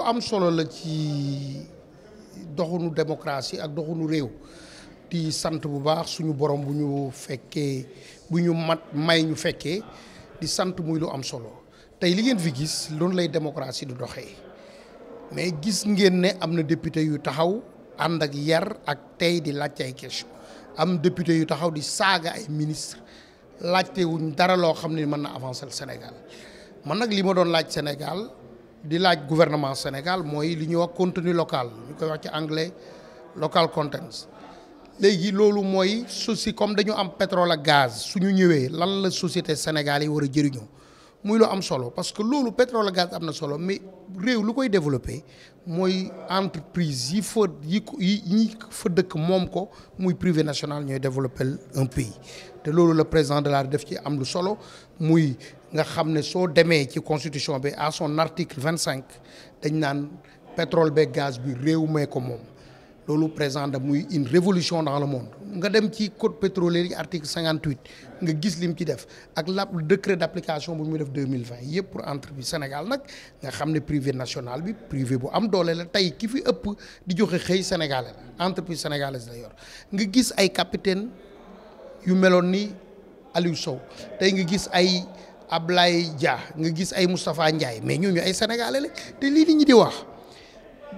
lu am solo la ci doxunu démocratie ak doxunu réew di sant bu baax suñu borom bu ñu fekkee bu ñu mat may ñu fekkee di sant muy lu am solo tey li ngeen fi gis loolu lay démocratie du doxee mais gis ngeen ne am na député yu taxaw ànd ak yar ak tey di laajte ay question am député yu taxaw di saaga ay ministre laajte wuñ dara loo xam ne mën na avancer Sénégal man nag li ma doon laaj Sénégal di laaj gouvernement Sénégal mooy li wax contenu local ñu koy wax ci anglais local contents léegi loolu mooy souci comme dañu am pétrole ak gaz suñu ñëwee lan la société Sénégal yi muy lu am solo parce que le pétrole gaz am solo mais réew lu koy développé Moi, entreprise il faut, il yi ñi fa dëkk Moi, ko privé national ñooy développé un pays te l'eau, le président de la def ci am lu solo muy nga xam so soo demee ci constitution à son article 25. cinq dañ pétrole beeg gaz bi réew mee ko L'eau, le président da muy une révolution dans le monde nga dem ci code pétrolier article 58. nga gis lim ci def ak la décret d'application bu muy def 2020 mille pour entreprise Sénégal nak nga xamné privé national bi privé bu am doole la tay ki fi ëpp di joxe xey sénégalais entreprise sénégalaise la yor nga gis ay capitaine yu meloon ni Aliou Sow tay nga gis ay Ablaye Dia nga gis ay Moustapha Ndiaye mais ñu ay sénégalais la té li nit ñi di wax.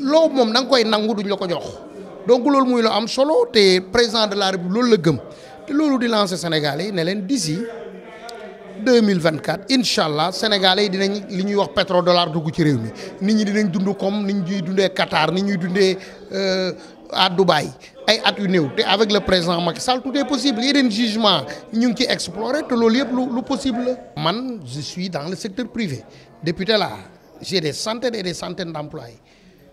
loo moom na nga koy nangu jox donc loolu muy lu am solo te président de la République loolu la gëm te loolu di lancer Sénégalais yi ne d'ici 2024. Inshallah, Sénégalais yi dinañ li wax pétrodollar de ci Ils vont nit ñi dinañ dund comme ni Qatar ni euh, à Dubaï ay at yu avec le président Macky Sall tout est possible yeneen jugement ñu ngi ciy explorer te loolu yëpp lu possible je suis dans le secteur privé député là j'ai des centaines et des centaines d'employés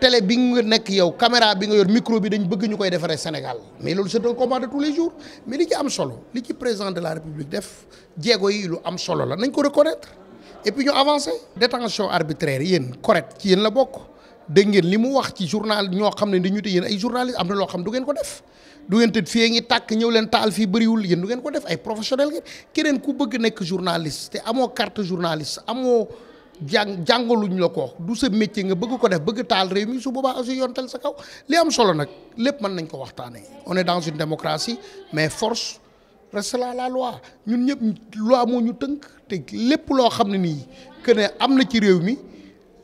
télé bi nga nek yow caméra bi nga yor micro bi dañ bëgg ñukoy défaré Sénégal mais lolu c'est un combat de tous les jours mais li ci am solo li ci président de la République def djégo yi lu am solo la nañ ko reconnaître et puis ñu avancer détention arbitraire yeen correct ci yeen la bokk de ngeen limu wax ci journal ño xamné ne dañu te yeen ay journaliste amna lo xam du ngeen ko def du ngeen tëdd fi ngi tak ñew leen taal fii bëriwul yeen du ngeen ko def ay professionnel ngeen keneen ku bëgg nek journaliste té amo carte journaliste amo jàng jàngaluñ la ko du sa métier nga bëgg ko def bëgg taal réew mi su boobaa aussi yontal sa kaw li am solo nag lépp mën nañ ko waxtaanee on est dans une démocratie mais force reste là la loi ñun ñëpp loi moo ñu tënk te lépp loo xam ne nii que am na ci réew mi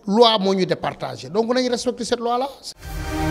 loi moo ñu départagé donc nañ respecter cette loi la